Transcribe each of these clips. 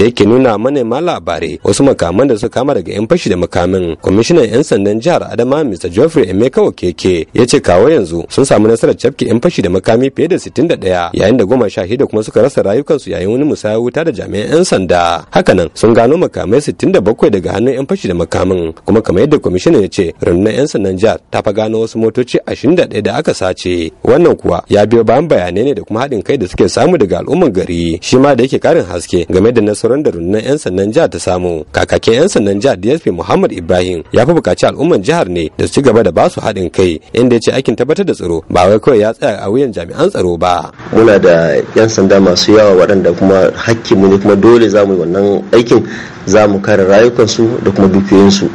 da yake nuna manema labarai wasu makaman da suka kama daga 'yan fashi da makamin kwamishinan 'yan sandan jihar adama mr geoffrey emeka keke ya ce kawo yanzu sun samu nasarar cafke 'yan fashi da makami fiye da 61 yayin da goma sha shida kuma suka rasa rayukansu yayin wani musayar wuta da jami'an 'yan sanda hakanan sun gano makamai bakwai daga hannun 'yan fashi da makamin kuma kamar yadda kwamishinan ya ce rundunar 'yan sandan jihar ta fa gano wasu motoci 21 da da aka sace wannan kuwa ya biyo bayan bayanai ne da kuma haɗin kai da suke samu daga al'umman gari shi ma da yake karin haske game da nasarar nasarar da rundunar 'yan sannan jihar ta samu kakakin 'yan sannan jihar dsp muhammad ibrahim ya fi bukaci al'umman jihar ne da su ci gaba da basu haɗin kai inda ya ce aikin tabbatar da tsaro ba wai kawai ya tsaya a wuyan jami'an tsaro ba muna da 'yan sanda masu yawa waɗanda kuma mu ne kuma dole za mu yi wannan aikin za mu kare rayukansu da kuma dukiyoyinsu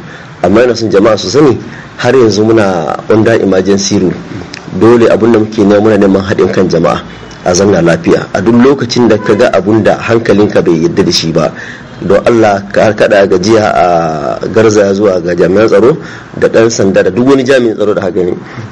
amma yana son jama'a su sani har yanzu muna under emergency rule dole abun da muke nema muna neman haɗin kan jama'a a zanga lafiya a duk lokacin da ka ga abun da hankalinka bai yadda da shi ba don allah ka kada gajiya a garza zuwa ga jami'an tsaro da dan sanda da duk wani jami'in tsaro da haka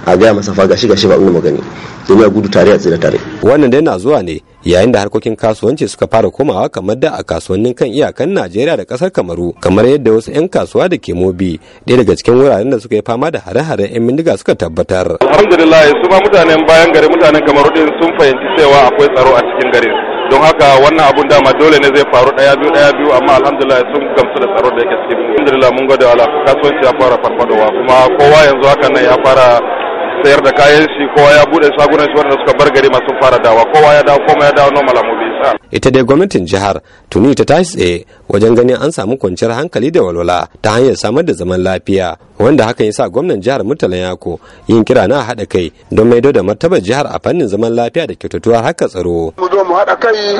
a gaya masa fa gashi gashi ba unguma gani domin a gudu tare a tsira tare wannan dai na zuwa ne yayin da harkokin kasuwanci suka fara komawa kamar da a kasuwannin kan iyakan najeriya da kasar kamaru kamar yadda wasu 'yan kasuwa da ke mobi ɗaya daga cikin wuraren da suka yi fama da hare-haren 'yan bindiga suka tabbatar alhamdulillah su ma mutanen bayan gari mutanen kamaru din sun fahimci cewa akwai tsaro a cikin garin don haka wannan abun dama dole ne zai faru daya biyu daya biyu amma alhamdulillah sun gamsu da tsaro da yake cikin alhamdulillah mun gode ala kasuwanci ya fara farfadowa kuma kowa yanzu haka nan ya fara sayar da kayan shi kowa ya bude shagunan shi wanda suka bar gari masu fara dawa kowa ya dawo kuma ya dawo normal amma bi sa ita dai gwamnatin jihar tuni ta tashi tsaye wajen ganin an samu kwanciyar hankali da walwala ta hanyar samar da zaman lafiya wanda hakan yasa gwamnan jihar murtala yako yin kira na haɗa kai don maido da martabar jihar a fannin zaman lafiya da kyautatuwar haka tsaro mu zo mu haɗa kai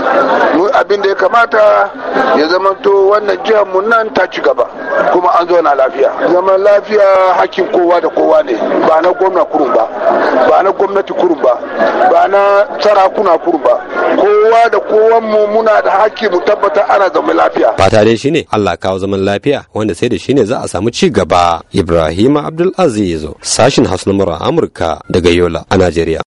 mu abin da ya kamata ya zamanto wannan jihar mu nan ta ci gaba kuma an zo na lafiya zaman lafiya hakkin kowa da kowa ne ba na gwamna kurun ba ba na gwamnati kurun ba ba na sarakuna kurun ba kowa da kowan mu muna da hakki mu tabbata ana zaman lafiya fata dai shine Allah kawo zaman lafiya wanda sai da shine za a samu ci gaba Ibrahim Azizo, sashin Hausa na Amurka daga Yola a Najeriya.